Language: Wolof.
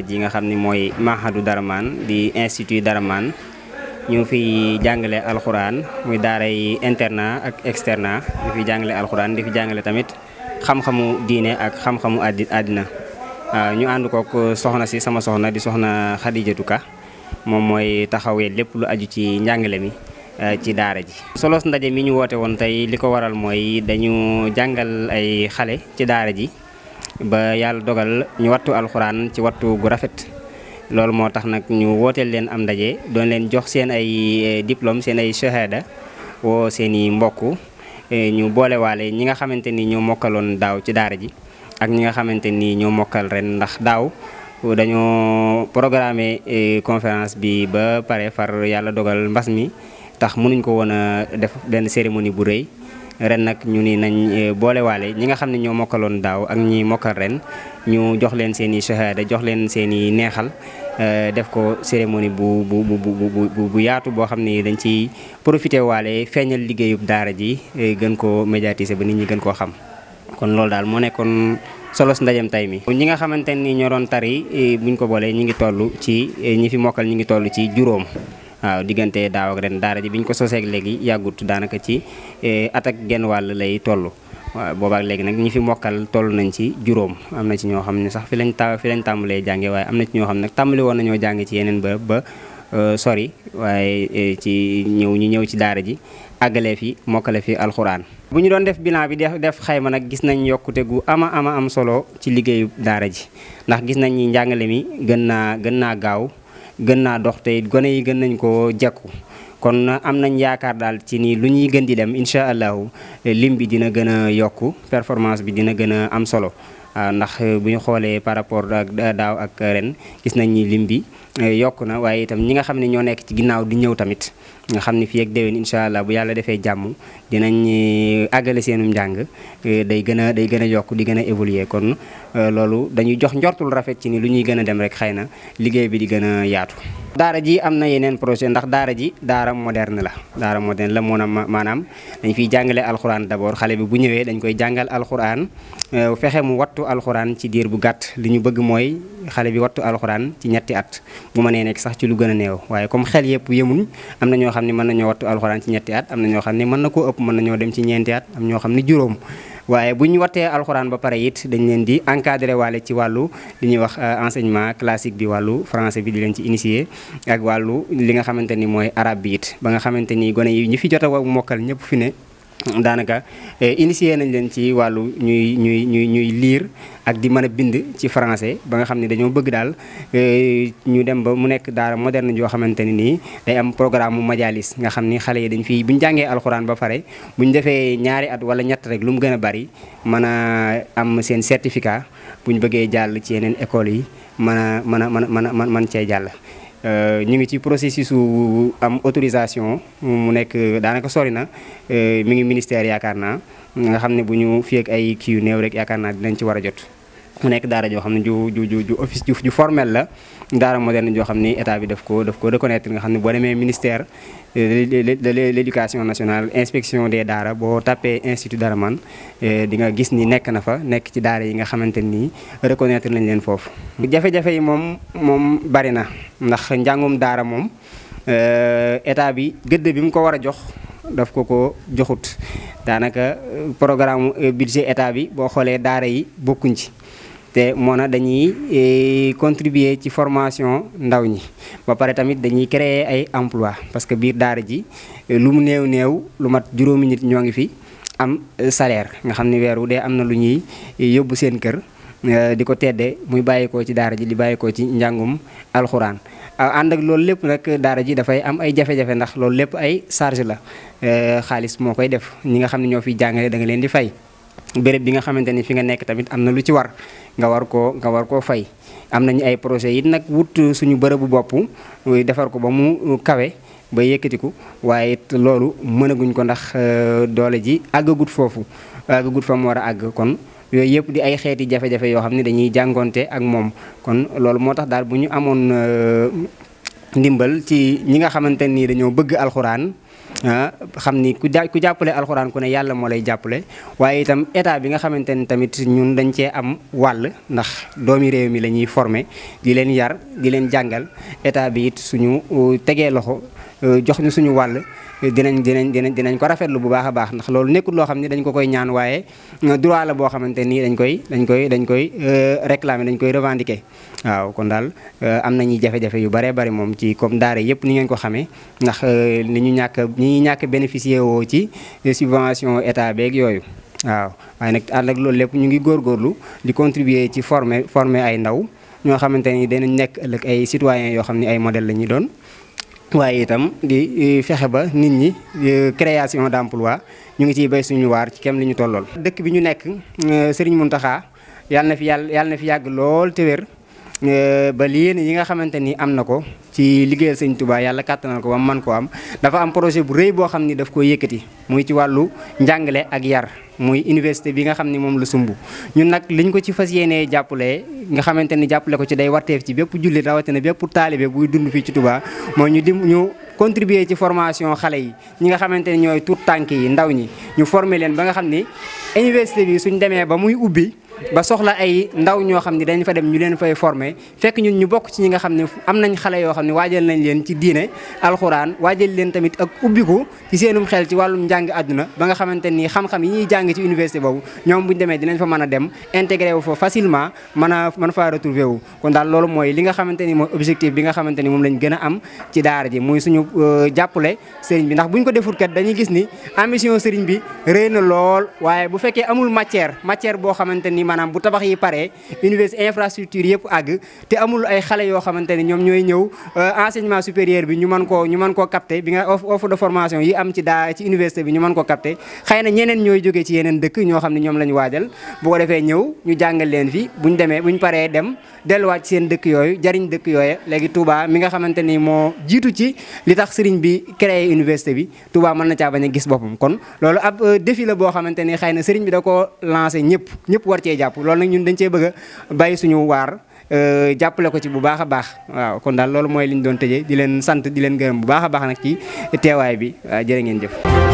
ji nga xam ni mooy dara maan di institut Daraman ñu fi jàngale alxuraan muy daara yi internat ak externat ñu fi jàngale alxuraan di fi jàngale tamit xam-xamu diine ak xam-xamu àddina ah, ñu ànd kook soxna si sama soxna di soxna Xadijatu Ka moom mooy taxawee lépp lu aju ci njàngale mi eh, ci daara ji solos ndaje mi ñu woote woon tey li ko waral mooy dañu jàngal ay xale ci daara ji ba yàlla dogal ñu wattu alxuraan ci wattu gu rafet loolu moo tax nag ñu wooteel leen am ndaje doon leen jox seen ay eh, diplôme seen ay shahada woo seen i mbokk eh, ñu boolewaale ñi nga xamante ni ñoo mokkaloon daaw ci daara ji ak ñi nga xamante ni ñoo mokkal ren ndax daaw dañoo programme eh, conférence bi ba pare far yàlla dogal mbas mi tax mënuñ ko woon a def benn cérémonie bu rëy ren nag ñu ni nañ eh, boolewaale ñi nga xam ne ñoo mokkaloon daaw ak ñi mokkal ren ñu jox leen seen i shahada jox leen seen i neexal eh, def ko cérémonie bu bu bu bu bu bu yaatu boo xam ne dañ ci profité waale feeñal liggéeyub daara ji eh, gën koo médiatiser ba nit ñi gën koo xam kon loolu daal moo nekkoon solos ndajem tay mi. ñi nga xamante ni ñoroon doon tari buñ ko boolee ñi ngi toll ci ñi fi mokkal ñi ngi toll ci juróom. waaw diggante daaw daara ji bi ñu ko soseeg léegi yàggut daanaka ci e, at ak wàll lay toll waaw boobaak léegi nag ñi fi mokkal toll nañ ci juróom am na ci ñoo xam ne sax fi lañ ta fi lañ tàmbalee jànge waaye am na ci ñoo xam ne nag tàmbali woon nañoo jànge ci yeneen bërëb ba e, sori waaye e, ci ñëw ñu ñëw ci daara ji àggale fi mokkale fi alxuraan bu ñu doon def bilan bi def xayma nag gis nañ yokkute gu ama ama am solo ci liggéeyu daara ji ndax gis nañ ñi njàngale mi gën naa gën naa gaaw gën naa dox te gone yi gën nañ koo jekku kon am nañ yaakaar daal ci nii lu ñuy gën di dem incha allahu lim bi dina gën a yokku performance bi dina gën a am solo Ah, ndax eh, bu ñu xoolee par rapport ak daaw ak ren gis nañ ni lim bi eh, yokk na waaye itam ñi nga xam ne ñoo nekk ci ginnaaw di ñëw tamit nga xam ni fii ak déwén incha allah bu yàlla defee jàmm dinañ eh, àggale seenu njàng day gën a day gën a yokk di gën a évoluer kon loolu dañuy jox njortul rafet ci ni lu ñuy gën a dem rek xëy na liggéey bi di gën a yaatu daara ji am na yeneen projet ndax daara ji daara moderne la daara moderne la maanaam dañ fiy jàngale alxuraan d'abord xale bi bu ñëwee dañ koy jàngal alxuraan euh, fexe mu wattu alxuraan ci diir bu gàtt li ñu bëgg mooy xale bi wattu alxuraan ci ñetti at mu bu mënee nekk sax ci lu gën a néew waaye comme xel yëpp yemuñ am na ñoo xam ne mën nañoo wattu alxuraan ci ñetti at am na ñoo xam ne mën na koo ëpp mën nañoo dem ci ñeenti at am ñoo xam ne juróom waaye bu ñu watee alxuraan ba pare yit dañ leen di encadré waale ci wàllu li ñuy wax euh, enseignement classique bi wàllu français bi di leen ci initier ak wàllu li nga xamante ni mooy arab bi it ba nga xamante ni gone yi ñu fi jot a mokkal ñëpp fi ne daanaka eh, initié nañ leen ci wàllu ñuy ñuy ñuy ñuy liir ak di mën a bind ci français ba nga xam ne dañoo bëgg daal eh, ñu dem ba mu nekk daara moderne joo xamante ne nii day am programme mu majalis nga xam ni xale yi dañ fii bu ñu jàngee alxuraan ba pare bu ñu defee ñaari at wala ñett rek lu mu gën a bari mën a am seen certificat bu ñu bëggee jàll ci yeneen écoles yi mën a mën a mën a mën a cee jàll Euh, ñu ngi ci processus su am autorisation mu nekk daanaka sori na euh, mi ngi ministère yaakaar naa nga xam ne bu ñu fi ay kii yu néew rek yaakaar naa dinañ ci war a jot. mu nekk daara joo xam ne ju ju ju ju office ju ju formel la daara moderne joo xam ni état bi daf ko daf ko reconnaître nga xam ne boo demee ministère euh, de l'éducation nationale inspection des daara boo tapé institut Daraman euh, di nga gis ni nekk na fa nekk ci daara yi nga xamante nii reconnaître nañ leen foofu. jafe-jafe yi moom moom bari na ndax njàngum daara moom euh, état bi gëdd bi mu ko war a jox daf ko ko joxut daanaka programme budget état bi boo xoolee daara yi bokkuñ ci. te moo na dañuy eh, contribuer ci formation ndaw ñi ba pare tamit dañuy créer ay emploi parce que biir daara ji eh, lu mu néew néew lu mat juróomi nit ñoo ngi fi am eh, salaire nga xam ni weer wu dee am na lu ñuy yóbbu seen kër di ko teddee muy bàyyikoo ci daara ji di bàyyikoo ci njàngum alxuraan ànd ak loolu lépp nag daara ji dafay am ay jafe-jafe ndax loolu lépp ay charge la xaalis moo koy def ñi nga xam ne ñoo fiy jàngale da nga leen di fay béréb bi nga xamante ni fi nga nekk tamit am na lu ci war nga war koo nga war koo fay am nañu ay projet yi nag wut suñu bërëbu bopp defar ko ba mu kawe ba yëkkatiku waaye it loolu mënaguñ ko ndax euh, doole ji àggagut foofu àggagut fa mu war a àgg kon yooyu yëpp di ay xeeti jafe-jafe yoo xam ne dañuy jàngonte ak moom kon loolu moo tax daal bu ñu amoon euh, ndimbal ci ñi nga xamante nii dañoo bëgg alxuraan Ah, xam ni ku ja ku jàppale alxuraan ku ne yàlla moo lay jàppale waaye itam état bi nga xamante ni tamit ñun dañ cee am wàll ndax doomi réew mi la ñuy formé di leen yar di leen jàngal état bi it suñu uh, tegee loxo. Euh, jox ñu suñu wàll dinañ dinañ dinañ dinañ ko rafetlu bu baax a baax ndax loolu nekkul loo xam ne dañ ko koy ñaan waaye euh, droit la boo xamante nii dañ koy dañ koy dañ koy euh, réclamer dañ koy revendiquer waaw kon daal am nañuy jafe-jafe yu baree bari moom ci comme daara yëpp ni ngeen ko xamee ndax ni ñu ñàkk ni ñu ñàkk bénéficier woo ci subvention état beeg yooyu waaw waaye nag ànd ak loolu lépp ñu ngi góorgóorlu di contribuer ci former former ay ndaw ñoo xamante ni dinañ nekk ëllëg ay citoyens yoo xam ne ay modèle la ñuy doon waaye itam di fexe ba nit ñi création d'emploi ñu ngi ciy bay suñu waar ci kem li ñu tollool. dëkk bi ñu nekk euh, Serigne taxaa yàlla na fi yàlla yàlla na fi yàgg lool te wér euh, ba lii yi nga xamante ni am na ko. ci liggéeyal sëñ tubaa yàlla kàttanal ko ba man koo am dafa am projet bu rëy boo xam ni daf koo yëkkati muy ci wàllu njàngale ak yar muy université bi nga xam ni moom la sumb ñun nag li ñu ko ci fas yéenee jàppale nga xamante ni jàppale ko ci day warteef ci bépp jullit rawatina bépp taalibe buy dund fii ci Touba mooy ñu dim ñu contribuer ci formation xale yi ñi nga xamante ni ñooy tuut tànk yi ndaw ñi ñu former leen ba nga xam ni université bi demee ba muy ubbi ba soxla ay ndaw ñoo xam ne dañ fa dem ñu leen fay former fekk ñun ñu bokk ci ñi nga xam ne am nañ xale yoo xam ne waajal nañ leen ci diine alxuraan waajal leen tamit ak ubbiku ci seenum xel ci wàllum njàng àdduna ba nga xamante nii xam-xam yi ñuy jàng ci université boobu ñoom buñu demee dinañ fa mën a dem intégré fa facilement mën a mën faa retrouver wu kon daal loolu mooy li nga xamante ni mooy objectif bi nga xamante moom lañ gën a am ci daara ji muy suñu euh, jàppale sëriñ bi ndax buñ ko deful kat dañuy gis ni ambition sëriñ bi réy na lool waaye bu fekkee amul matière matière ni maanaam bu tabax yi paree université infrastructure yëpp àgg te amul ay xale yoo xamante ne ñoom ñooy ñëw euh, enseignement supérieur bi ñu mën koo ñu mën koo capté bi nga offre de formation yi am ci daa ci université bi ñu mën ko capté xëy na ñeneen ñooy jógee ci yeneen dëkk ñoo xam ne ñoom la waajal bu ko defee ñëw ñu jàngal leen fi buñ demee buñ paree dem delluwaat ci seen dëkk yooyu jariñ dëkk yooyu léegi Touba mi ni moo jiitu ci li tax sëriñ bi créé université bi Touba mën na caa a gis boppam kon loolu ab euh, défi la jàpp loolu nag ñun dañ cee bëgg a bàyyi suñu waar euh, jàppale ko ci bu baax a baax waaw kon daal loolu mooy li ñu doon tëje di leen sant dileen gërëm bu baax a baax nag ci teewaay bi waaw jërë ngeen jëf